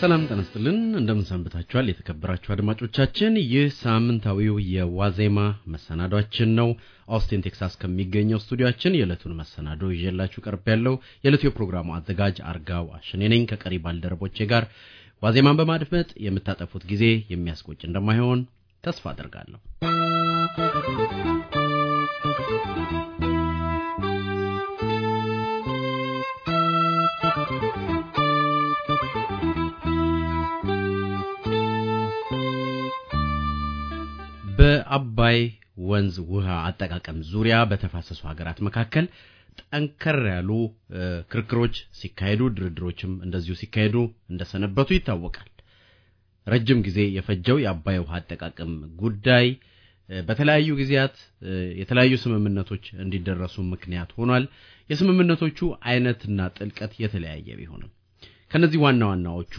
ሰላም ጠነስትልን እንደምንሰንብታችኋል የተከበራችሁ አድማጮቻችን። ይህ ሳምንታዊው የዋዜማ መሰናዷችን ነው። ኦስቲን ቴክሳስ ከሚገኘው ስቱዲያችን የዕለቱን መሰናዶ ይዤላችሁ ቀርብ ያለው የዕለቱ የፕሮግራሙ አዘጋጅ አርጋው አሽኔ ነኝ ከቀሪ ባልደረቦቼ ጋር ዋዜማን በማድመጥ የምታጠፉት ጊዜ የሚያስቆጭ እንደማይሆን ተስፋ አድርጋለሁ። በአባይ ወንዝ ውሃ አጠቃቀም ዙሪያ በተፋሰሱ ሀገራት መካከል ጠንከር ያሉ ክርክሮች ሲካሄዱ፣ ድርድሮችም እንደዚሁ ሲካሄዱ እንደሰነበቱ ይታወቃል። ረጅም ጊዜ የፈጀው የአባይ ውሃ አጠቃቀም ጉዳይ በተለያዩ ጊዜያት የተለያዩ ስምምነቶች እንዲደረሱ ምክንያት ሆኗል። የስምምነቶቹ አይነትና ጥልቀት የተለያየ ቢሆንም ከነዚህ ዋና ዋናዎቹ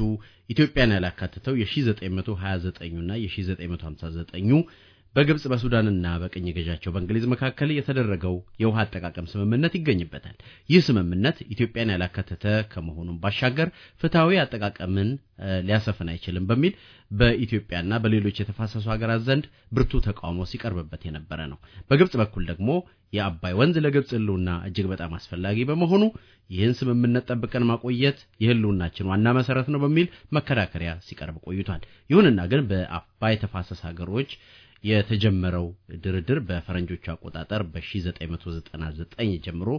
ኢትዮጵያን ያላካተተው የ1929ና የ1959 በግብጽ በሱዳንና በቅኝ ገዣቸው በእንግሊዝ መካከል የተደረገው የውሃ አጠቃቀም ስምምነት ይገኝበታል። ይህ ስምምነት ኢትዮጵያን ያላካተተ ከመሆኑም ባሻገር ፍትሐዊ አጠቃቀምን ሊያሰፍን አይችልም በሚል በኢትዮጵያና በሌሎች የተፋሰሱ ሀገራት ዘንድ ብርቱ ተቃውሞ ሲቀርብበት የነበረ ነው። በግብጽ በኩል ደግሞ የአባይ ወንዝ ለግብጽ ህልውና እጅግ በጣም አስፈላጊ በመሆኑ ይህን ስምምነት ጠብቀን ማቆየት የህልውናችን ዋና መሰረት ነው በሚል መከራከሪያ ሲቀርብ ቆይቷል። ይሁንና ግን በአባይ ተፋሰስ ሀገሮች የተጀመረው ድርድር በፈረንጆቹ አቆጣጠር በ1999 ጀምሮ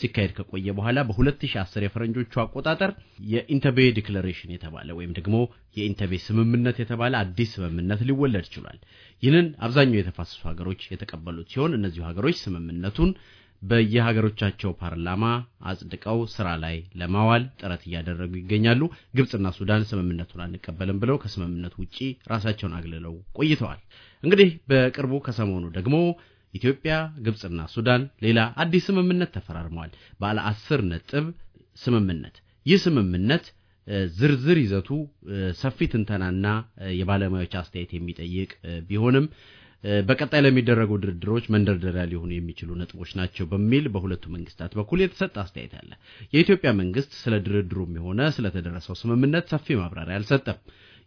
ሲካሄድ ከቆየ በኋላ በ2010 የፈረንጆቹ አቆጣጠር የኢንተቤ ዲክለሬሽን የተባለ ወይም ደግሞ የኢንተቤ ስምምነት የተባለ አዲስ ስምምነት ሊወለድ ችሏል። ይህንን አብዛኛው የተፋሰሱ ሀገሮች የተቀበሉት ሲሆን እነዚሁ ሀገሮች ስምምነቱን በየሀገሮቻቸው ፓርላማ አጽድቀው ስራ ላይ ለማዋል ጥረት እያደረጉ ይገኛሉ። ግብፅና ሱዳን ስምምነቱን አንቀበልም ብለው ከስምምነቱ ውጪ ራሳቸውን አግልለው ቆይተዋል። እንግዲህ በቅርቡ ከሰሞኑ ደግሞ ኢትዮጵያ፣ ግብፅና ሱዳን ሌላ አዲስ ስምምነት ተፈራርመዋል። ባለ አስር ነጥብ ስምምነት። ይህ ስምምነት ዝርዝር ይዘቱ ሰፊ ትንተናና የባለሙያዎች አስተያየት የሚጠይቅ ቢሆንም በቀጣይ ለሚደረጉ ድርድሮች መንደርደሪያ ሊሆኑ የሚችሉ ነጥቦች ናቸው በሚል በሁለቱ መንግስታት በኩል የተሰጠ አስተያየት አለ። የኢትዮጵያ መንግስት ስለ ድርድሩም የሆነ ስለተደረሰው ስምምነት ሰፊ ማብራሪያ አልሰጠም።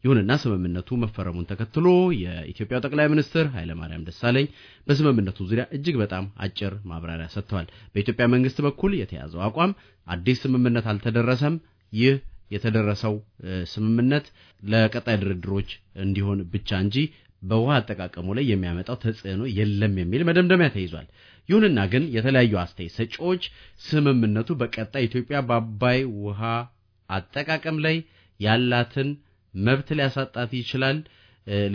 ይሁንና ስምምነቱ መፈረሙን ተከትሎ የኢትዮጵያው ጠቅላይ ሚኒስትር ኃይለማርያም ደሳለኝ በስምምነቱ ዙሪያ እጅግ በጣም አጭር ማብራሪያ ሰጥተዋል። በኢትዮጵያ መንግስት በኩል የተያዘው አቋም አዲስ ስምምነት አልተደረሰም፣ ይህ የተደረሰው ስምምነት ለቀጣይ ድርድሮች እንዲሆን ብቻ እንጂ በውሃ አጠቃቀሙ ላይ የሚያመጣው ተጽዕኖ የለም የሚል መደምደሚያ ተይዟል። ይሁንና ግን የተለያዩ አስተያየት ሰጪዎች ስምምነቱ በቀጣይ ኢትዮጵያ በአባይ ውሃ አጠቃቀም ላይ ያላትን መብት ሊያሳጣት ይችላል።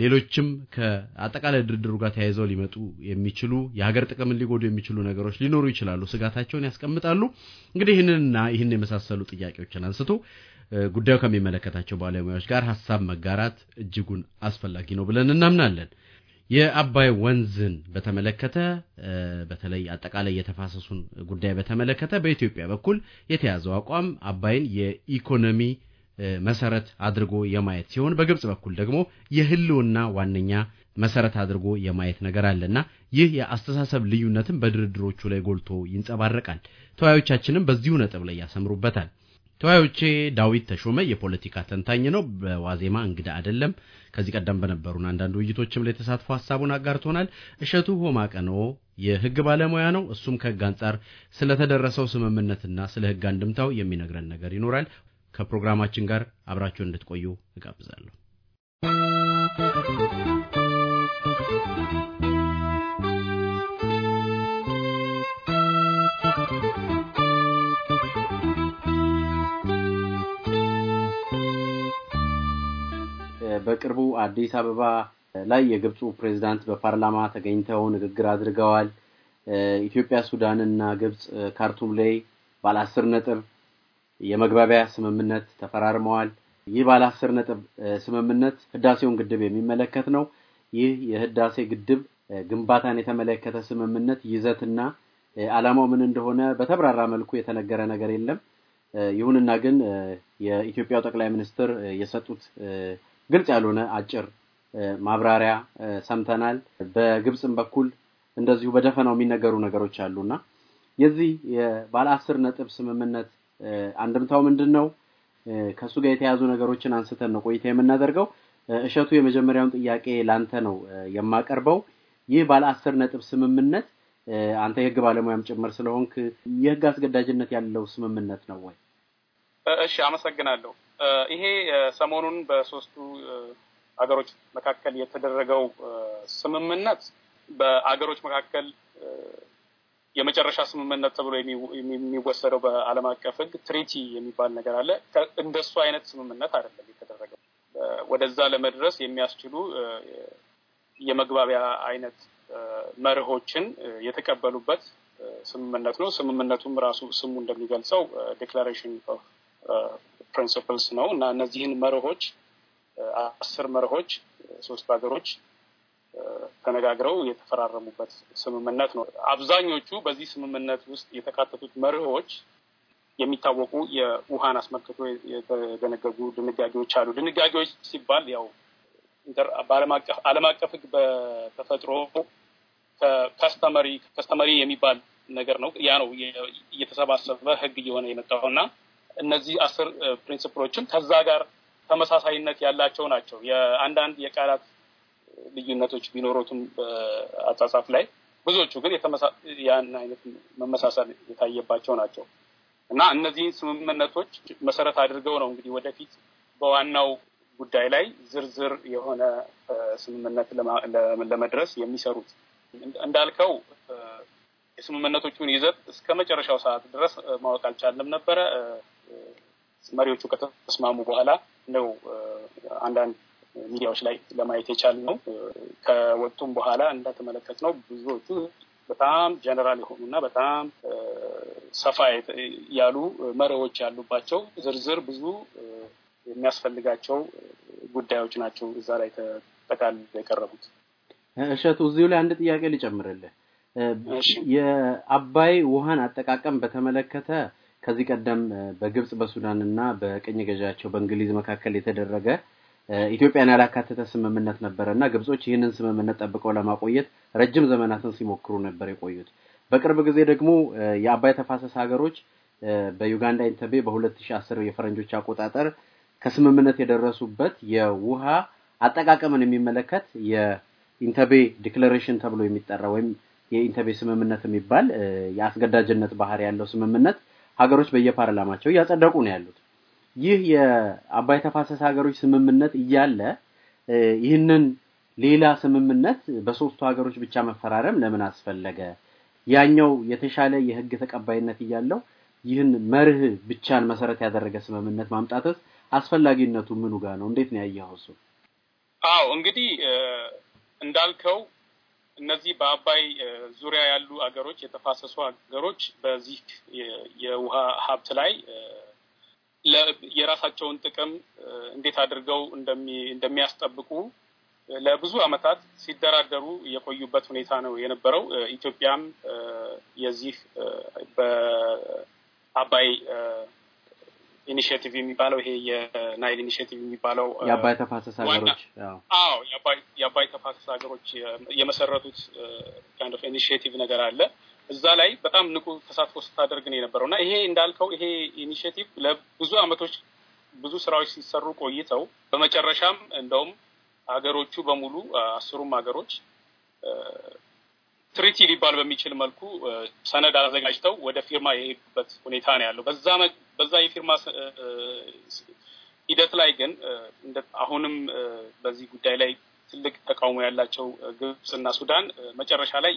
ሌሎችም ከአጠቃላይ ድርድሩ ጋር ተያይዘው ሊመጡ የሚችሉ የሀገር ጥቅምን ሊጎዱ የሚችሉ ነገሮች ሊኖሩ ይችላሉ። ስጋታቸውን ያስቀምጣሉ። እንግዲህ ይህንንና ይህን የመሳሰሉ ጥያቄዎችን አንስቶ ጉዳዩ ከሚመለከታቸው ባለሙያዎች ጋር ሀሳብ መጋራት እጅጉን አስፈላጊ ነው ብለን እናምናለን። የአባይ ወንዝን በተመለከተ በተለይ አጠቃላይ የተፋሰሱን ጉዳይ በተመለከተ በኢትዮጵያ በኩል የተያዘው አቋም አባይን የኢኮኖሚ መሰረት አድርጎ የማየት ሲሆን በግብጽ በኩል ደግሞ የህልውና ዋነኛ መሰረት አድርጎ የማየት ነገር አለና ይህ የአስተሳሰብ ልዩነትም በድርድሮቹ ላይ ጎልቶ ይንጸባረቃል። ተወያዮቻችንም በዚሁ ነጥብ ላይ ያሰምሩበታል። ተወያዮቼ ዳዊት ተሾመ የፖለቲካ ተንታኝ ነው። በዋዜማ እንግዳ አይደለም። ከዚህ ቀደም በነበሩን አንዳንድ ውይይቶችም ላይ ተሳትፎ ሀሳቡን አጋርቶናል። እሸቱ ሆማቀኖ የህግ ባለሙያ ነው። እሱም ከህግ አንጻር ስለተደረሰው ስምምነትና ስለ ህግ አንድምታው የሚነግረን ነገር ይኖራል። ከፕሮግራማችን ጋር አብራችሁን እንድትቆዩ እጋብዛለሁ። በቅርቡ አዲስ አበባ ላይ የግብፁ ፕሬዝዳንት በፓርላማ ተገኝተው ንግግር አድርገዋል። ኢትዮጵያ፣ ሱዳን እና ግብፅ ካርቱም ላይ ባለ አስር ነጥብ የመግባቢያ ስምምነት ተፈራርመዋል። ይህ ባለ አስር ነጥብ ስምምነት ህዳሴውን ግድብ የሚመለከት ነው። ይህ የህዳሴ ግድብ ግንባታን የተመለከተ ስምምነት ይዘትና ዓላማው ምን እንደሆነ በተብራራ መልኩ የተነገረ ነገር የለም። ይሁንና ግን የኢትዮጵያው ጠቅላይ ሚኒስትር የሰጡት ግልጽ ያልሆነ አጭር ማብራሪያ ሰምተናል። በግብፅም በኩል እንደዚሁ በደፈናው የሚነገሩ ነገሮች አሉና የዚህ የባለ አስር ነጥብ ስምምነት አንድምታው ምንድን ነው? ከእሱ ጋር የተያዙ ነገሮችን አንስተን ነው ቆይታ የምናደርገው። እሸቱ፣ የመጀመሪያውን ጥያቄ ላንተ ነው የማቀርበው። ይህ ባለ አስር ነጥብ ስምምነት አንተ የህግ ባለሙያም ጭምር ስለሆንክ የህግ አስገዳጅነት ያለው ስምምነት ነው ወይ? እሺ፣ አመሰግናለሁ። ይሄ ሰሞኑን በሶስቱ አገሮች መካከል የተደረገው ስምምነት በአገሮች መካከል የመጨረሻ ስምምነት ተብሎ የሚወሰደው በዓለም አቀፍ ሕግ ትሪቲ የሚባል ነገር አለ። እንደሱ አይነት ስምምነት አይደለም የተደረገው። ወደዛ ለመድረስ የሚያስችሉ የመግባቢያ አይነት መርሆችን የተቀበሉበት ስምምነት ነው። ስምምነቱም ራሱ ስሙ እንደሚገልጸው ዲክላሬሽን ኦፍ ፕሪንሲፕልስ ነው እና እነዚህን መርሆች አስር መርሆች ሶስት ሀገሮች ተነጋግረው የተፈራረሙበት ስምምነት ነው። አብዛኞቹ በዚህ ስምምነት ውስጥ የተካተቱት መርሆች የሚታወቁ የውሃን አስመልክቶ የተደነገጉ ድንጋጌዎች አሉ። ድንጋጌዎች ሲባል ያው አቀፍ ዓለም አቀፍ ሕግ በተፈጥሮ ከስተመሪ ከስተመሪ የሚባል ነገር ነው። ያ ነው እየተሰባሰበ ሕግ እየሆነ የመጣው እና እነዚህ አስር ፕሪንስፕሎችም ከዛ ጋር ተመሳሳይነት ያላቸው ናቸው። የአንዳንድ የቃላት ልዩነቶች ቢኖሩትም አጻጻፍ ላይ ብዙዎቹ ግን ያን አይነት መመሳሰል የታየባቸው ናቸው እና እነዚህን ስምምነቶች መሰረት አድርገው ነው እንግዲህ ወደፊት በዋናው ጉዳይ ላይ ዝርዝር የሆነ ስምምነት ለመድረስ የሚሰሩት። እንዳልከው የስምምነቶቹን ይዘት እስከ መጨረሻው ሰዓት ድረስ ማወቅ አልቻለም ነበረ። መሪዎቹ ከተስማሙ በኋላ ነው አንዳንድ ሚዲያዎች ላይ ለማየት የቻል ነው። ከወጡም በኋላ እንደተመለከት ነው ብዙዎቹ በጣም ጀነራል እና በጣም ሰፋ ያሉ መሪዎች ያሉባቸው ዝርዝር ብዙ የሚያስፈልጋቸው ጉዳዮች ናቸው እዛ ላይ ተጠቃል የቀረቡት። እሸቱ እዚሁ ላይ አንድ ጥያቄ ልጨምርልህ። የአባይ ውሃን አጠቃቀም በተመለከተ ከዚህ ቀደም በግብጽ በሱዳን እና በቅኝ ገዣቸው በእንግሊዝ መካከል የተደረገ ኢትዮጵያን ያላካተተ ስምምነት ነበረ እና ግብጾች ይህንን ስምምነት ጠብቀው ለማቆየት ረጅም ዘመናትን ሲሞክሩ ነበር የቆዩት። በቅርብ ጊዜ ደግሞ የአባይ ተፋሰስ ሀገሮች በዩጋንዳ ኢንተቤ በ2010 የፈረንጆች አቆጣጠር ከስምምነት የደረሱበት የውሃ አጠቃቀምን የሚመለከት የኢንተቤ ዲክለሬሽን ተብሎ የሚጠራ ወይም የኢንተቤ ስምምነት የሚባል የአስገዳጅነት ባህሪ ያለው ስምምነት ሀገሮች በየፓርላማቸው እያጸደቁ ነው ያሉት። ይህ የአባይ ተፋሰስ ሀገሮች ስምምነት እያለ ይህንን ሌላ ስምምነት በሶስቱ ሀገሮች ብቻ መፈራረም ለምን አስፈለገ? ያኛው የተሻለ የህግ ተቀባይነት እያለው ይህን መርህ ብቻን መሰረት ያደረገ ስምምነት ማምጣትስ አስፈላጊነቱ ምኑ ጋር ነው? እንዴት ነው ያየኸው? እሱ አዎ፣ እንግዲህ እንዳልከው እነዚህ በአባይ ዙሪያ ያሉ አገሮች የተፋሰሱ አገሮች በዚህ የውሃ ሀብት ላይ የራሳቸውን ጥቅም እንዴት አድርገው እንደሚያስጠብቁ ለብዙ ዓመታት ሲደራደሩ የቆዩበት ሁኔታ ነው የነበረው። ኢትዮጵያም የዚህ በአባይ ኢኒሽቲቭ የሚባለው ይሄ የናይል ኢኒሽቲቭ የሚባለው የአባይ ተፋሰስ ሀገሮች አዎ የአባይ ተፋሰስ ሀገሮች የመሰረቱት ካይንድ ኦፍ ኢኒሽቲቭ ነገር አለ። እዛ ላይ በጣም ንቁ ተሳትፎ ስታደርግ ነው የነበረው እና ይሄ እንዳልከው ይሄ ኢኒሽቲቭ ለብዙ ዓመቶች ብዙ ስራዎች ሲሰሩ ቆይተው በመጨረሻም እንደውም ሀገሮቹ በሙሉ አስሩም ሀገሮች ትሪቲ ሊባል በሚችል መልኩ ሰነድ አዘጋጅተው ወደ ፊርማ የሄዱበት ሁኔታ ነው ያለው። በዛ የፊርማ ሂደት ላይ ግን አሁንም በዚህ ጉዳይ ላይ ትልቅ ተቃውሞ ያላቸው ግብፅ እና ሱዳን መጨረሻ ላይ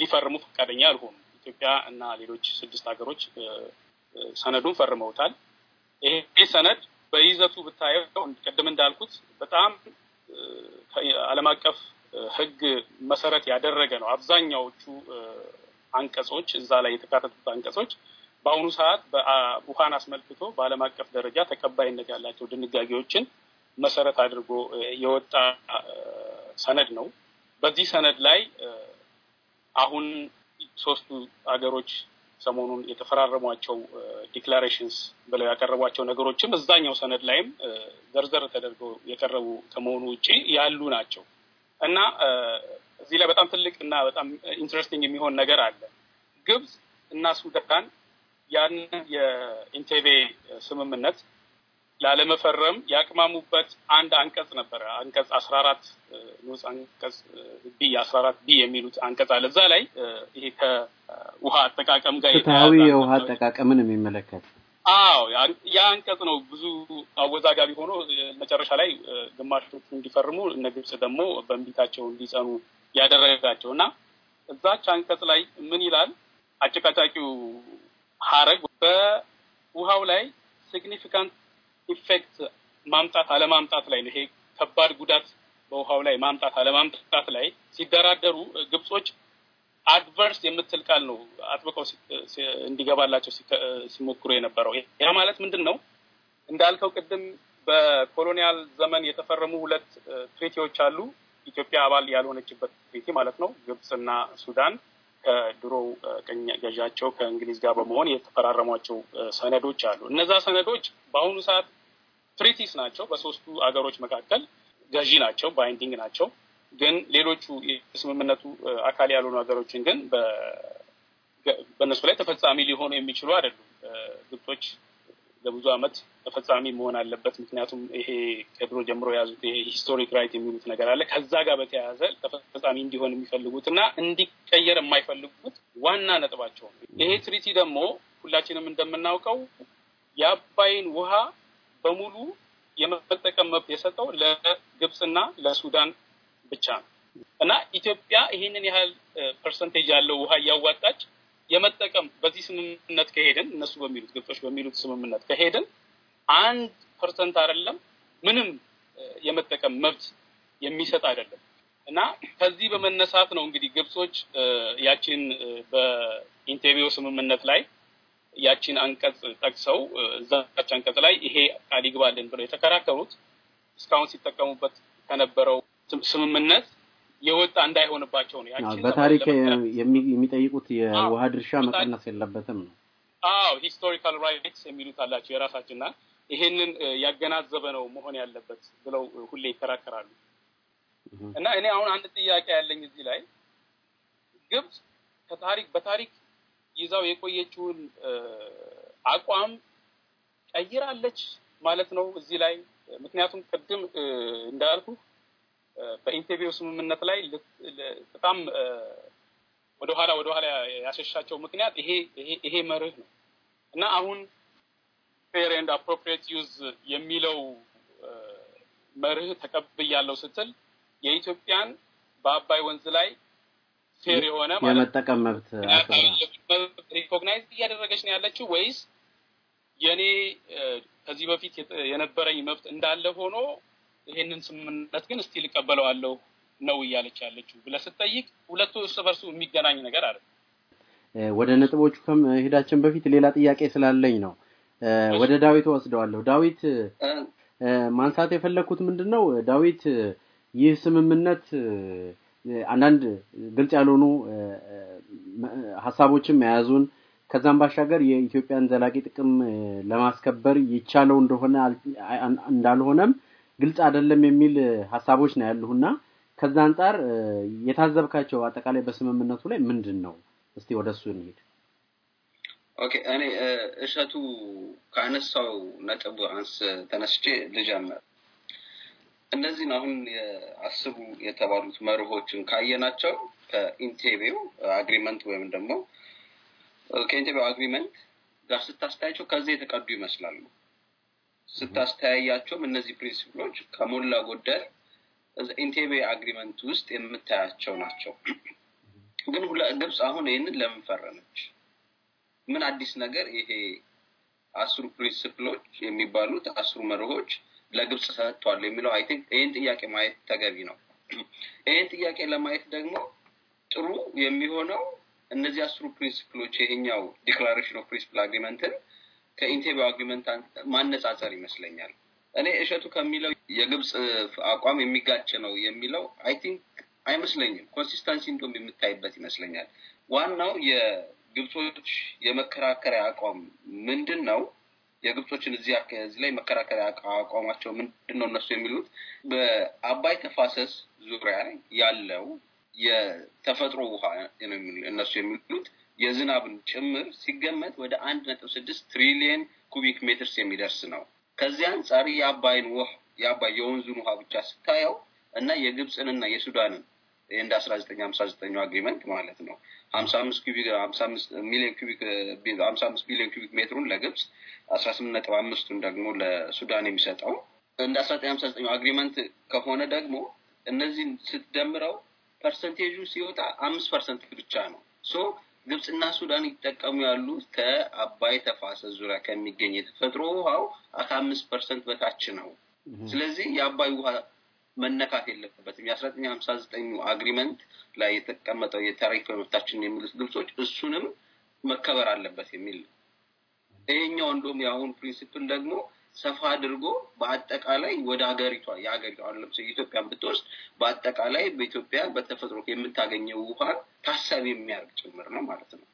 ሊፈርሙ ፈቃደኛ አልሆኑም። ኢትዮጵያ እና ሌሎች ስድስት ሀገሮች ሰነዱን ፈርመውታል። ይሄ ሰነድ በይዘቱ ብታየው ቅድም እንዳልኩት በጣም ዓለም አቀፍ ሕግ መሰረት ያደረገ ነው። አብዛኛዎቹ አንቀጾች እዛ ላይ የተካተቱት አንቀጾች በአሁኑ ሰዓት ውሃን አስመልክቶ በዓለም አቀፍ ደረጃ ተቀባይነት ያላቸው ድንጋጌዎችን መሰረት አድርጎ የወጣ ሰነድ ነው። በዚህ ሰነድ ላይ አሁን ሶስቱ ሀገሮች ሰሞኑን የተፈራረሟቸው ዲክላሬሽንስ ብለው ያቀረቧቸው ነገሮችም እዛኛው ሰነድ ላይም ዘርዘር ተደርገው የቀረቡ ከመሆኑ ውጭ ያሉ ናቸው እና እዚህ ላይ በጣም ትልቅ እና በጣም ኢንትረስቲንግ የሚሆን ነገር አለ። ግብፅ እና ሱዳን ያን የኢንቴቤ ስምምነት ላለመፈረም ያቅማሙበት አንድ አንቀጽ ነበረ። አንቀጽ አስራ አራት ንዑስ አንቀጽ ቢ አስራ አራት ቢ የሚሉት አንቀጽ አለ። እዛ ላይ ይሄ ከውሃ አጠቃቀም ጋር ፍትሐዊ የውሃ አጠቃቀምን የሚመለከት አዎ ያ አንቀጽ ነው። ብዙ አወዛጋቢ ሆኖ መጨረሻ ላይ ግማሾቹ እንዲፈርሙ እነ ግብጽ ደግሞ በንቢታቸው እንዲጸኑ ያደረጋቸው እና እዛች አንቀጽ ላይ ምን ይላል? አጨቃጫቂው ሀረግ በውሃው ላይ ሲግኒፊካንት ኢፌክት ማምጣት አለማምጣት ላይ ነው። ይሄ ከባድ ጉዳት በውሃው ላይ ማምጣት አለማምጣት ላይ ሲደራደሩ ግብጾች አድቨርስ የምትል ቃል ነው አጥብቀው እንዲገባላቸው ሲሞክሩ የነበረው። ያ ማለት ምንድን ነው? እንዳልከው ቅድም በኮሎኒያል ዘመን የተፈረሙ ሁለት ትሪቲዎች አሉ። ኢትዮጵያ አባል ያልሆነችበት ትሪቲ ማለት ነው። ግብፅና ሱዳን ከድሮ ቀኝ ገዣቸው ከእንግሊዝ ጋር በመሆን የተፈራረሟቸው ሰነዶች አሉ። እነዛ ሰነዶች በአሁኑ ሰዓት ትሪቲስ ናቸው። በሶስቱ አገሮች መካከል ገዢ ናቸው፣ ባይንዲንግ ናቸው። ግን ሌሎቹ የስምምነቱ አካል ያልሆኑ ሀገሮችን ግን በእነሱ ላይ ተፈጻሚ ሊሆኑ የሚችሉ አይደሉም። ግብጦች ለብዙ አመት ተፈጻሚ መሆን አለበት። ምክንያቱም ይሄ ከድሮ ጀምሮ የያዙት ይሄ ሂስቶሪክ ራይት የሚሉት ነገር አለ። ከዛ ጋር በተያያዘ ተፈጻሚ እንዲሆን የሚፈልጉት እና እንዲቀየር የማይፈልጉት ዋና ነጥባቸው ነው። ይሄ ትሪቲ ደግሞ ሁላችንም እንደምናውቀው የአባይን ውሃ በሙሉ የመጠቀም መብት የሰጠው ለግብፅና ለሱዳን ብቻ ነው እና ኢትዮጵያ ይህንን ያህል ፐርሰንቴጅ ያለው ውሃ እያዋጣች የመጠቀም በዚህ ስምምነት ከሄድን እነሱ በሚሉት ግብጾች በሚሉት ስምምነት ከሄድን አንድ ፐርሰንት አይደለም ምንም የመጠቀም መብት የሚሰጥ አይደለም እና ከዚህ በመነሳት ነው እንግዲህ ግብጾች ያችን በኢንቴቪዮ ስምምነት ላይ ያቺን አንቀጽ ጠቅሰው እዛች አንቀጽ ላይ ይሄ ቃል ብለው የተከራከሩት እስካሁን ሲጠቀሙበት ከነበረው ስምምነት የወጣ እንዳይሆንባቸው ነው። ያቺን በታሪክ የሚጠይቁት የውሃ ድርሻ መቀነስ የለበትም ነው። አዎ ሂስቶሪካል ራይትስ የሚሉት አላቸው የራሳችንና ይሄንን ያገናዘበ ነው መሆን ያለበት ብለው ሁሌ ይከራከራሉ። እና እኔ አሁን አንድ ጥያቄ ያለኝ እዚህ ላይ ግብጽ ከታሪክ በታሪክ ይዛው የቆየችውን አቋም ቀይራለች ማለት ነው እዚህ ላይ። ምክንያቱም ቅድም እንዳልኩ በኢንቴቪው ስምምነት ላይ በጣም ወደኋላ ወደኋላ ያሸሻቸው ምክንያት ይሄ ይሄ መርህ ነው እና አሁን ፌር ኤንድ አፕሮፕሪየት ዩዝ የሚለው መርህ ተቀብያለው ስትል የኢትዮጵያን በአባይ ወንዝ ላይ ፌር የሆነ የመጠቀም መብት ሪኮግናይዝ እያደረገች ነው ያለችው ወይስ የኔ ከዚህ በፊት የነበረኝ መብት እንዳለ ሆኖ ይሄንን ስምምነት ግን እስቲ ልቀበለዋለሁ ነው እያለች ያለችው ብለህ ስትጠይቅ ሁለቱ እርስ በርሱ የሚገናኝ ነገር አለ። ወደ ነጥቦቹ ከመሄዳችን በፊት ሌላ ጥያቄ ስላለኝ ነው ወደ ዳዊት ወስደዋለሁ። ዳዊት ማንሳት የፈለግኩት ምንድን ነው ዳዊት ይህ ስምምነት አንዳንድ ግልጽ ያልሆኑ ሀሳቦችን መያዙን ከዛም ባሻገር የኢትዮጵያን ዘላቂ ጥቅም ለማስከበር ይቻለው እንደሆነ እንዳልሆነም ግልጽ አይደለም የሚል ሀሳቦች ነው ያሉና ከዛ አንጻር የታዘብካቸው አጠቃላይ በስምምነቱ ላይ ምንድን ነው? እስቲ ወደ እሱ እንሄድ። እኔ እሸቱ ከአነሳው ነጥብ አንስ ተነስቼ ልጀምር። እነዚህን አሁን አስቡ የተባሉት መርሆችን ካየናቸው ከኢንቴቤው አግሪመንት ወይም ደግሞ ከኢንቴቤው አግሪመንት ጋር ስታስተያቸው ከዚህ የተቀዱ ይመስላሉ። ስታስተያያቸውም እነዚህ ፕሪንሲፕሎች ከሞላ ጎደል ኢንቴቤ አግሪመንት ውስጥ የምታያቸው ናቸው። ግን ግብፅ አሁን ይህንን ለምን ፈረመች? ምን አዲስ ነገር ይሄ አስሩ ፕሪንስፕሎች የሚባሉት አስሩ መርሆች ለግብጽ ሰጥቷል የሚለው አይ ቲንክ ይህን ጥያቄ ማየት ተገቢ ነው። ይህን ጥያቄ ለማየት ደግሞ ጥሩ የሚሆነው እነዚህ አስሩ ፕሪንስፕሎች ይሄኛው ዲክላሬሽን ኦፍ ፕሪንስፕል አግሪመንትን ከኢንቴቤ አግሪመንት ማነጻጸር ይመስለኛል። እኔ እሸቱ ከሚለው የግብጽ አቋም የሚጋጭ ነው የሚለው አይ ቲንክ አይመስለኝም። ኮንሲስተንሲ እንደውም የምታይበት ይመስለኛል። ዋናው የግብጾች የመከራከሪያ አቋም ምንድን ነው? የግብጾችን እዚህ አካሄድ ላይ መከራከሪያ አቋማቸው ምንድን ነው? እነሱ የሚሉት በአባይ ተፋሰስ ዙሪያ ያለው የተፈጥሮ ውሃ እነሱ የሚሉት የዝናብን ጭምር ሲገመት ወደ አንድ ነጥብ ስድስት ትሪሊየን ኩቢክ ሜትርስ የሚደርስ ነው። ከዚህ አንጻር የአባይን ውሃ የአባይ የወንዙን ውሃ ብቻ ስታየው እና የግብፅንና የሱዳንን እንደ አስራ ዘጠኝ አምሳ ዘጠኙ አግሪመንት ማለት ነው ሀምሳ አምስት ኪቢክ ሀምሳ አምስት ሚሊዮን ኪቢክ ሀምሳ አምስት ቢሊዮን ኪቢክ ሜትሩን ለግብፅ አስራ ስምንት ነጥብ አምስቱን ደግሞ ለሱዳን የሚሰጠው እንደ አስራ ዘጠኝ ሀምሳ ዘጠኝ አግሪመንት ከሆነ ደግሞ እነዚህን ስትደምረው ፐርሰንቴጁ ሲወጣ አምስት ፐርሰንት ብቻ ነው። ሶ ግብፅና ሱዳን ይጠቀሙ ያሉ ከአባይ ተፋሰስ ዙሪያ ከሚገኝ የተፈጥሮ ውሃው ከአምስት ፐርሰንት በታች ነው። ስለዚህ የአባይ ውሃ መነካት የለበትም። የአስራ ዘጠኝ ሀምሳ ዘጠኙ አግሪመንት ላይ የተቀመጠው የታሪክ መብታችን የሚሉት ግብጾች እሱንም መከበር አለበት የሚል ነው። ይሄኛው እንደውም የአሁን ፕሪንሲፕል ደግሞ ሰፋ አድርጎ በአጠቃላይ ወደ ሀገሪቷ የሀገሪቷ ለምሳሌ ኢትዮጵያን ብትወስድ በአጠቃላይ በኢትዮጵያ በተፈጥሮ የምታገኘው ውሃ ታሳቢ የሚያደርግ ጭምር ነው ማለት ነው።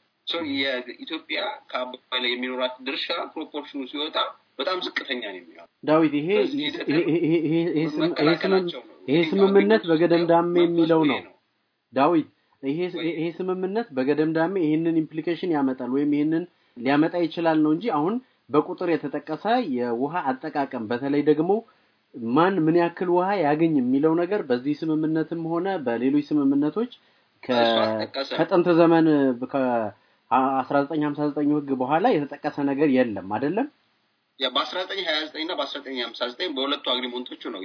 የኢትዮጵያ ከአባይ ላይ የሚኖራት ድርሻ ፕሮፖርሽኑ ሲወጣ በጣም ዝቅተኛ ነው የሚሆነው። ዳዊት ይሄ ይሄ ስምምነት በገደምዳሜ የሚለው ነው ዳዊት ይሄ ስምምነት በገደምዳሜ ይህንን ኢምፕሊኬሽን ያመጣል ወይም ይህንን ሊያመጣ ይችላል ነው እንጂ አሁን በቁጥር የተጠቀሰ የውሃ አጠቃቀም በተለይ ደግሞ ማን ምን ያክል ውሃ ያገኝ የሚለው ነገር በዚህ ስምምነትም ሆነ በሌሎች ስምምነቶች ከጥንት ዘመን ከ1959 ህግ በኋላ የተጠቀሰ ነገር የለም አይደለም። በአስራ ዘጠኝ ሀያ ዘጠኝ እና በአስራ ዘጠኝ ሀምሳ ዘጠኝ በሁለቱ አግሪመንቶቹ ነው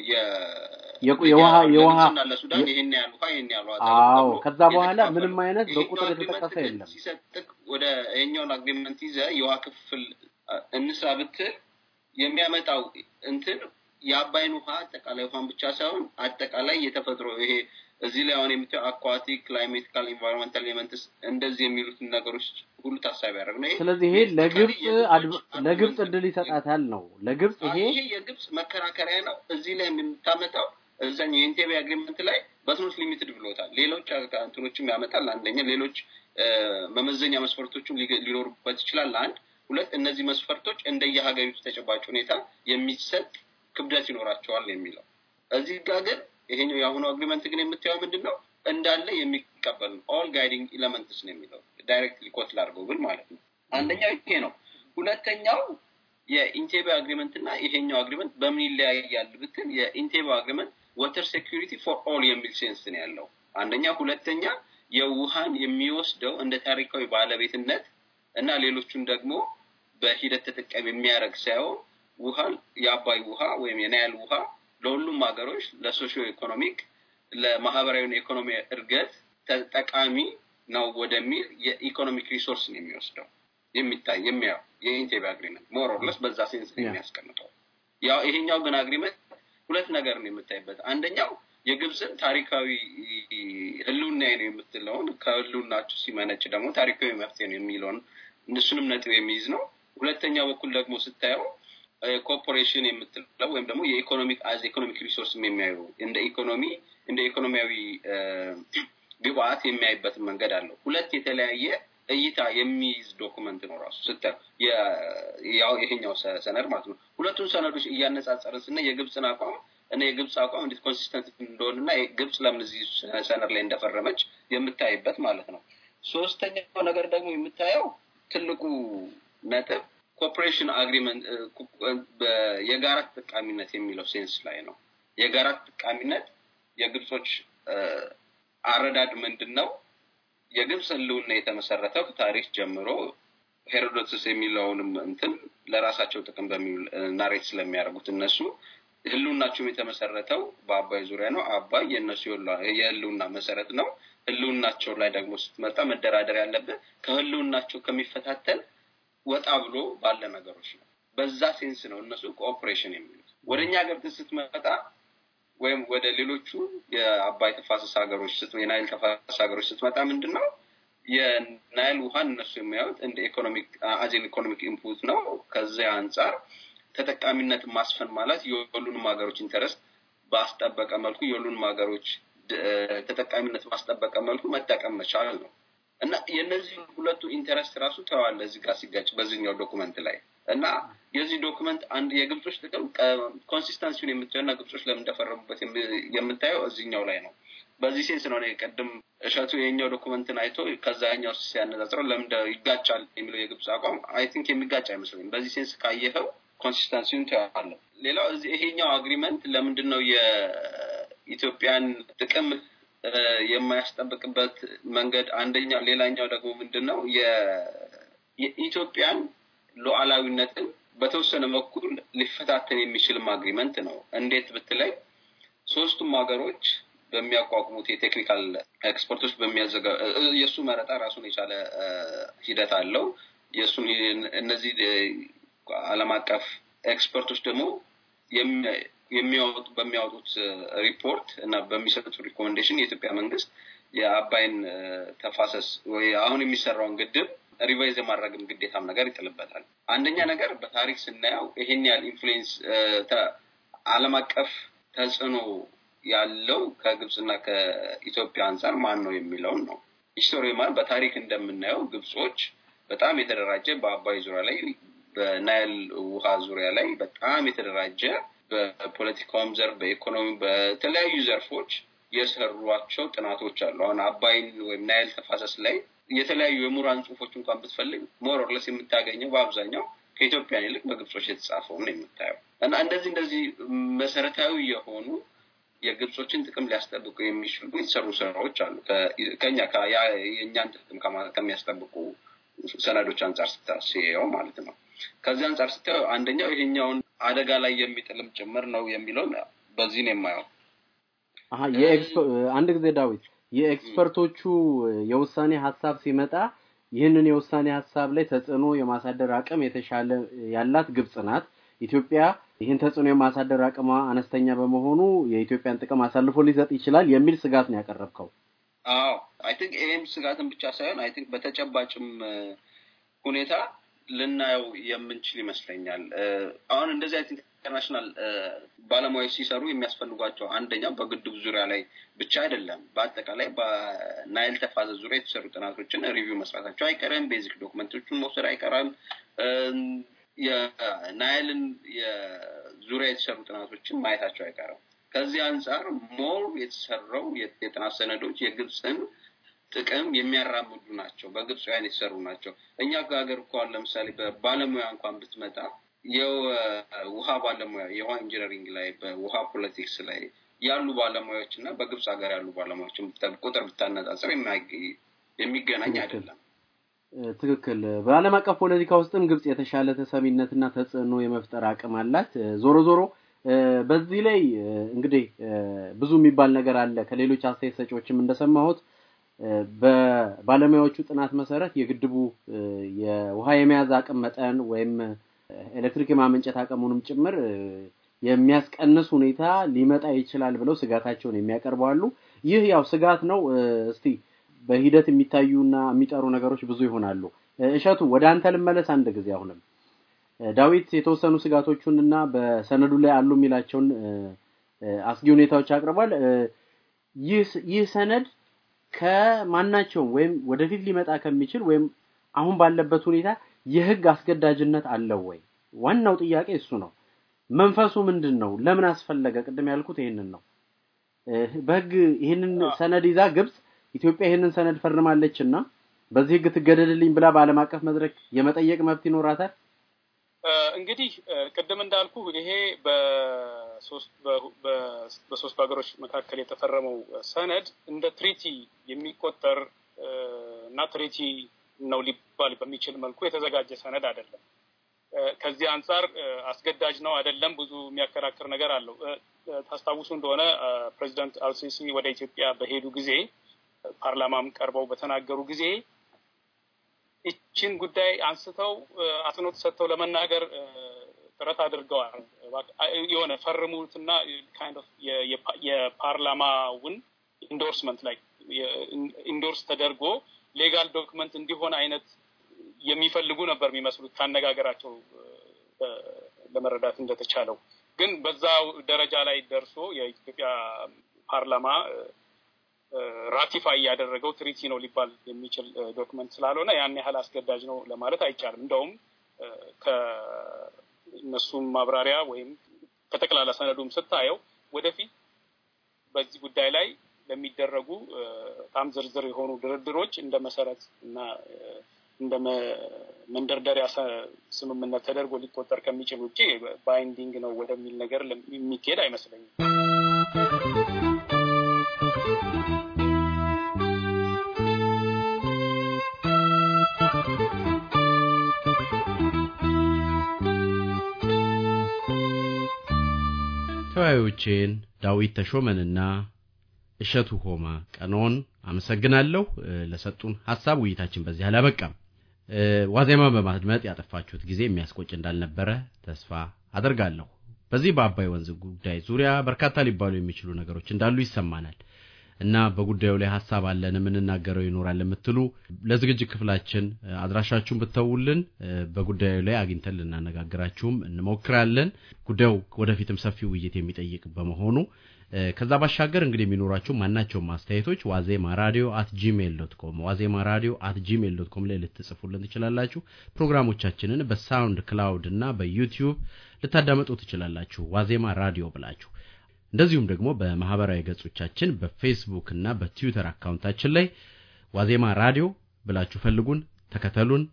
የውሃ የውሃ ለሱዳን ውሃ አዎ ከዛ በኋላ ምንም አይነት በቁጥር የተጠቀሰ የለም። ሲሰጥቅ ወደ አግሪመንት የውሃ ክፍል እንስራ ብትል የሚያመጣው እንትን የአባይን ውሃ አጠቃላይ ውሃን ብቻ ሳይሆን አጠቃላይ የተፈጥሮ ይሄ እዚህ ላይ አሁን የምታየው አኳቲክ ክላይሜቲካል ኢንቫይሮንመንታል ኤሌመንትስ እንደዚህ የሚሉትን ነገሮች ሁሉ ታሳቢ ያደረግ ነው። ስለዚህ ይሄ ለግብጽ ለግብጽ እድል ይሰጣታል ነው ለግብጽ ይሄ የግብጽ መከራከሪያ ነው። እዚህ ላይ የምታመጣው እዛኛው የኢንቴቤ አግሪመንት ላይ በትኖች ሊሚትድ ብሎታል። ሌሎች እንትኖችም ያመጣል። አንደኛ ሌሎች መመዘኛ መስፈርቶችም ሊኖሩበት ይችላል። አንድ ሁለት እነዚህ መስፈርቶች እንደየሀገሪቱ ተጨባጭ ሁኔታ የሚሰጥ ክብደት ይኖራቸዋል የሚለው እዚህ ጋር ግን ይሄኛው የአሁኑ አግሪመንት ግን የምታየው ምንድን ነው እንዳለ የሚቀበል ኦል ጋይዲንግ ኢለመንትስ ነው የሚለው ዳይሬክት ሊኮት ላድርገው ግን ማለት ነው። አንደኛው ይሄ ነው። ሁለተኛው የኢንቴባ አግሪመንት እና ይሄኛው አግሪመንት በምን ይለያያል ብትል የኢንቴባ አግሪመንት ወተር ሴኩሪቲ ፎር ኦል የሚል ሴንስ ነው ያለው አንደኛ። ሁለተኛ የውሃን የሚወስደው እንደ ታሪካዊ ባለቤትነት እና ሌሎቹን ደግሞ በሂደት ተጠቀም የሚያደርግ ሳይሆን ውሃን የአባይ ውሃ ወይም የናያል ውሃ ለሁሉም ሀገሮች ለሶሽዮ ኢኮኖሚክ ለማህበራዊን ኢኮኖሚ እድገት ተጠቃሚ ነው ወደሚል የኢኮኖሚክ ሪሶርስ ነው የሚወስደው የሚታይ የሚያው የኢንቴቪ አግሪመንት ሞሮርለስ በዛ ሴንስ ነው የሚያስቀምጠው። ያው ይሄኛው ግን አግሪመንት ሁለት ነገር ነው የምታይበት። አንደኛው የግብፅን ታሪካዊ ህልውና ነው የምትለውን ከህልውናቸው ሲመነጭ ደግሞ ታሪካዊ መፍትሄ ነው የሚለውን እሱንም ነጥብ የሚይዝ ነው። ሁለተኛው በኩል ደግሞ ስታየው ኮርፖሬሽን የምትለው ወይም ደግሞ የኢኮኖሚክ አዝ ኢኮኖሚክ ሪሶርስ የሚያዩ እንደ ኢኮኖሚ እንደ ኢኮኖሚያዊ ግብአት የሚያይበት መንገድ አለው። ሁለት የተለያየ እይታ የሚይዝ ዶኩመንት ነው ራሱ ስተ ይሄኛው ሰነድ ማለት ነው። ሁለቱን ሰነዶች እያነጻጸርን ስና የግብፅን አቋም እና የግብፅ አቋም እንዴት ኮንሲስተንት እንደሆነ እና ግብፅ ለምን እዚህ ሰነድ ላይ እንደፈረመች የምታይበት ማለት ነው። ሶስተኛው ነገር ደግሞ የምታየው ትልቁ ነጥብ ኮኦፕሬሽን አግሪመንት የጋራ ተጠቃሚነት የሚለው ሴንስ ላይ ነው። የጋራ ተጠቃሚነት የግብጾች አረዳድ ምንድን ነው? የግብፅ ህልውና የተመሰረተው ታሪክ ጀምሮ ሄሮዶትስ የሚለውንም እንትን ለራሳቸው ጥቅም ናሬት ስለሚያደርጉት እነሱ ህልውናቸውም የተመሰረተው በአባይ ዙሪያ ነው። አባይ የእነሱ የህልውና መሰረት ነው። ህልውናቸው ላይ ደግሞ ስትመጣ መደራደር ያለብን ከህልውናቸው ከሚፈታተል ወጣ ብሎ ባለ ነገሮች ነው። በዛ ሴንስ ነው እነሱ ኮኦፕሬሽን የሚሉት። ወደ እኛ ገብት ስትመጣ ወይም ወደ ሌሎቹ የአባይ ተፋሰስ ሀገሮች የናይል ተፋሰስ ሀገሮች ስትመጣ ምንድን ነው የናይል ውሃን እነሱ የሚያዩት እንደ ኢኮኖሚክ አዜን ኢኮኖሚክ ኢንፑት ነው። ከዚያ አንጻር ተጠቃሚነት ማስፈን ማለት የሁሉንም ሀገሮች ኢንተረስት ባስጠበቀ መልኩ የሁሉንም ሀገሮች ተጠቃሚነት ባስጠበቀ መልኩ መጠቀም መቻል ነው። እና የነዚህ ሁለቱ ኢንተረስት ራሱ ተዋለ እዚህ ጋር ሲጋጭ በዚህኛው ዶኩመንት ላይ እና የዚህ ዶክመንት አንድ የግብጾች ጥቅም ኮንሲስተንሲውን የምታየው እና ግብጾች ለምን እንደፈረሙበት የምታየው እዚህኛው ላይ ነው። በዚህ ሴንስ ነው ቅድም እሸቱ የኛው ዶኩመንትን አይቶ ከዛኛው ሲያነጻጽረው ለምን ይጋጫል የሚለው የግብጽ አቋም አይ ቲንክ የሚጋጭ አይመስለኝም። በዚህ ሴንስ ካየኸው ኮንሲስተንሲውን ተዋለ ሌላው ይሄኛው አግሪመንት ለምንድን ነው የኢትዮጵያን ጥቅም የማያስጠብቅበት መንገድ አንደኛው፣ ሌላኛው ደግሞ ምንድን ነው የኢትዮጵያን ሉዓላዊነትን በተወሰነ በኩል ሊፈታተን የሚችል አግሪመንት ነው። እንዴት ብትለይ ሶስቱም ሀገሮች በሚያቋቁሙት የቴክኒካል ኤክስፐርቶች በሚያዘጋ የእሱ መረጣ ራሱን የቻለ ሂደት አለው። የእሱን እነዚህ ዓለም አቀፍ ኤክስፐርቶች ደግሞ የሚያወጡ በሚያወጡት ሪፖርት እና በሚሰጡ ሪኮመንዴሽን የኢትዮጵያ መንግስት የአባይን ተፋሰስ ወይ አሁን የሚሰራውን ግድብ ሪቫይዝ የማድረግም ግዴታም ነገር ይጥልበታል። አንደኛ ነገር በታሪክ ስናየው ይሄን ያህል ኢንፍሉዌንስ ዓለም አቀፍ ተጽዕኖ ያለው ከግብፅና ከኢትዮጵያ አንጻር ማን ነው የሚለውን ነው። ሂስቶሪ ማለት በታሪክ እንደምናየው ግብጾች በጣም የተደራጀ በአባይ ዙሪያ ላይ በናይል ውሃ ዙሪያ ላይ በጣም የተደራጀ በፖለቲካውም ዘርፍ በኢኮኖሚ በተለያዩ ዘርፎች የሰሯቸው ጥናቶች አሉ። አሁን አባይን ወይም ናይል ተፋሰስ ላይ የተለያዩ የምሁራን ጽሁፎች እንኳን ብትፈልግ ሞሮርለስ የምታገኘው በአብዛኛው ከኢትዮጵያን ይልቅ በግብጾች የተጻፈውን ነው የምታየው። እና እንደዚህ እንደዚህ መሰረታዊ የሆኑ የግብጾችን ጥቅም ሊያስጠብቁ የሚችሉ የተሰሩ ስራዎች አሉ። ከኛ የእኛን ጥቅም ከሚያስጠብቁ ሰነዶች አንጻር ስታስየው ማለት ነው። ከዚህ አንጻር ስታየው አንደኛው ይሄኛውን አደጋ ላይ የሚጥልም ጭምር ነው የሚለውን በዚህ ነው የማየው። አንድ ጊዜ ዳዊት የኤክስፐርቶቹ የውሳኔ ሀሳብ ሲመጣ ይህንን የውሳኔ ሀሳብ ላይ ተጽዕኖ የማሳደር አቅም የተሻለ ያላት ግብጽ ናት። ኢትዮጵያ ይህን ተጽዕኖ የማሳደር አቅም አነስተኛ በመሆኑ የኢትዮጵያን ጥቅም አሳልፎ ሊሰጥ ይችላል የሚል ስጋት ነው ያቀረብከው። አዎ አይ ቲንክ ይህም ስጋትን ብቻ ሳይሆን አይ ቲንክ በተጨባጭም ሁኔታ ልናየው የምንችል ይመስለኛል። አሁን እንደዚህ አይነት ኢንተርናሽናል ባለሙያዎች ሲሰሩ የሚያስፈልጓቸው አንደኛው በግድቡ ዙሪያ ላይ ብቻ አይደለም፣ በአጠቃላይ በናይል ተፋዘ ዙሪያ የተሰሩ ጥናቶችን ሪቪው መስራታቸው አይቀርም። ቤዚክ ዶክመንቶችን መውሰድ አይቀርም። የናይልን ዙሪያ የተሰሩ ጥናቶችን ማየታቸው አይቀርም። ከዚህ አንጻር ሞር የተሰራው የጥናት ሰነዶች የግብፅን ጥቅም የሚያራምዱ ናቸው። በግብፃውያን የተሰሩ ናቸው። እኛ ሀገር እንኳን ለምሳሌ በባለሙያ እንኳን ብትመጣ የውሃ ባለሙያ የውሃ ኢንጂነሪንግ ላይ በውሃ ፖለቲክስ ላይ ያሉ ባለሙያዎች እና በግብፅ ሀገር ያሉ ባለሙያዎች ቁጥር ብታነጻጽር የሚገናኝ አይደለም። ትክክል። በዓለም አቀፍ ፖለቲካ ውስጥም ግብጽ የተሻለ ተሰሚነትና ተጽዕኖ የመፍጠር አቅም አላት። ዞሮ ዞሮ በዚህ ላይ እንግዲህ ብዙ የሚባል ነገር አለ። ከሌሎች አስተያየት ሰጪዎችም እንደሰማሁት በባለሙያዎቹ ጥናት መሰረት የግድቡ የውሃ የመያዝ አቅም መጠን ወይም ኤሌክትሪክ የማመንጨት አቅሙንም ጭምር የሚያስቀንስ ሁኔታ ሊመጣ ይችላል ብለው ስጋታቸውን የሚያቀርቡ አሉ። ይህ ያው ስጋት ነው። እስቲ በሂደት የሚታዩና የሚጠሩ ነገሮች ብዙ ይሆናሉ። እሸቱ ወደ አንተ ልመለስ። አንድ ጊዜ አሁንም ዳዊት የተወሰኑ ስጋቶቹን እና በሰነዱ ላይ አሉ የሚላቸውን አስጊ ሁኔታዎች አቅርቧል። ይህ ሰነድ ከማናቸውም ወይም ወደፊት ሊመጣ ከሚችል ወይም አሁን ባለበት ሁኔታ የህግ አስገዳጅነት አለው ወይ? ዋናው ጥያቄ እሱ ነው። መንፈሱ ምንድን ነው? ለምን አስፈለገ? ቅድም ያልኩት ይህንን ነው። በህግ ይህንን ሰነድ ይዛ ግብጽ ኢትዮጵያ ይህንን ሰነድ ፈርማለች እና በዚህ ህግ ትገደድልኝ ብላ በአለም አቀፍ መድረክ የመጠየቅ መብት ይኖራታል። እንግዲህ ቅድም እንዳልኩ ይሄ በሶስቱ ሀገሮች መካከል የተፈረመው ሰነድ እንደ ትሪቲ የሚቆጠር እና ትሪቲ ነው ሊባል በሚችል መልኩ የተዘጋጀ ሰነድ አይደለም። ከዚህ አንጻር አስገዳጅ ነው አይደለም ብዙ የሚያከራክር ነገር አለው። ታስታውሱ እንደሆነ ፕሬዚዳንት አልሲሲ ወደ ኢትዮጵያ በሄዱ ጊዜ ፓርላማም ቀርበው በተናገሩ ጊዜ ይችን ጉዳይ አንስተው አጽንኦት ሰጥተው ለመናገር ጥረት አድርገዋል። የሆነ ፈርሙት እና የፓርላማውን ኢንዶርስመንት ላይ ኢንዶርስ ተደርጎ ሌጋል ዶክመንት እንዲሆን አይነት የሚፈልጉ ነበር የሚመስሉት ካነጋገራቸው ለመረዳት እንደተቻለው። ግን በዛ ደረጃ ላይ ደርሶ የኢትዮጵያ ፓርላማ ራቲፋይ ያደረገው ትሪቲ ነው ሊባል የሚችል ዶክመንት ስላልሆነ ያን ያህል አስገዳጅ ነው ለማለት አይቻልም። እንደውም ከእነሱም ማብራሪያ ወይም ከጠቅላላ ሰነዱም ስታየው ወደፊት በዚህ ጉዳይ ላይ ለሚደረጉ በጣም ዝርዝር የሆኑ ድርድሮች እንደ መሰረት እና እንደ መንደርደሪያ ስምምነት ተደርጎ ሊቆጠር ከሚችል ውጭ ባይንዲንግ ነው ወደሚል ነገር የሚካሄድ አይመስለኝም። ተወያዮቼን ዳዊት ተሾመንና እሸቱ ሆማ ቀኖን አመሰግናለሁ። ለሰጡን ሀሳብ ውይይታችን በዚህ አላበቃም። ዋዜማ በማድመጥ ያጠፋችሁት ጊዜ የሚያስቆጭ እንዳልነበረ ተስፋ አደርጋለሁ። በዚህ በአባይ ወንዝ ጉዳይ ዙሪያ በርካታ ሊባሉ የሚችሉ ነገሮች እንዳሉ ይሰማናል። እና በጉዳዩ ላይ ሀሳብ አለን የምንናገረው ይኖራል የምትሉ ለዝግጅት ክፍላችን አድራሻችሁን ብትተውልን በጉዳዩ ላይ አግኝተን ልናነጋግራችሁም እንሞክራለን። ጉዳዩ ወደፊትም ሰፊ ውይይት የሚጠይቅ በመሆኑ ከዛ ባሻገር እንግዲህ የሚኖራችሁ ማናቸውም ማስተያየቶች ዋዜማ ራዲዮ አት ጂሜል ዶት ኮም ዋዜማ ራዲዮ አት ጂሜል ዶት ኮም ላይ ልትጽፉልን ትችላላችሁ። ፕሮግራሞቻችንን በሳውንድ ክላውድ እና በዩቲዩብ ልታዳመጡ ትችላላችሁ። ዋዜማ ራዲዮ ብላችሁ እንደዚሁም ደግሞ በማህበራዊ ገጾቻችን በፌስቡክ እና በትዊተር አካውንታችን ላይ ዋዜማ ራዲዮ ብላችሁ ፈልጉን፣ ተከተሉን።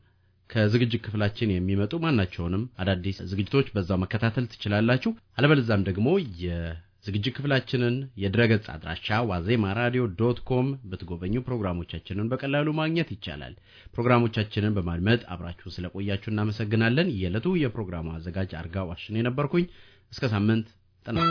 ከዝግጅት ክፍላችን የሚመጡ ማናቸውንም አዳዲስ ዝግጅቶች በዛው መከታተል ትችላላችሁ። አለበለዛም ደግሞ የዝግጅት ክፍላችንን የድረገጽ አድራሻ ዋዜማ ራዲዮ ዶት ኮም ብትጎበኙ ፕሮግራሞቻችንን በቀላሉ ማግኘት ይቻላል። ፕሮግራሞቻችንን በማድመጥ አብራችሁ ስለቆያችሁ እናመሰግናለን። የዕለቱ የፕሮግራሙ አዘጋጅ አርጋ ዋሽን የነበርኩኝ እስከ ሳምንት Tana.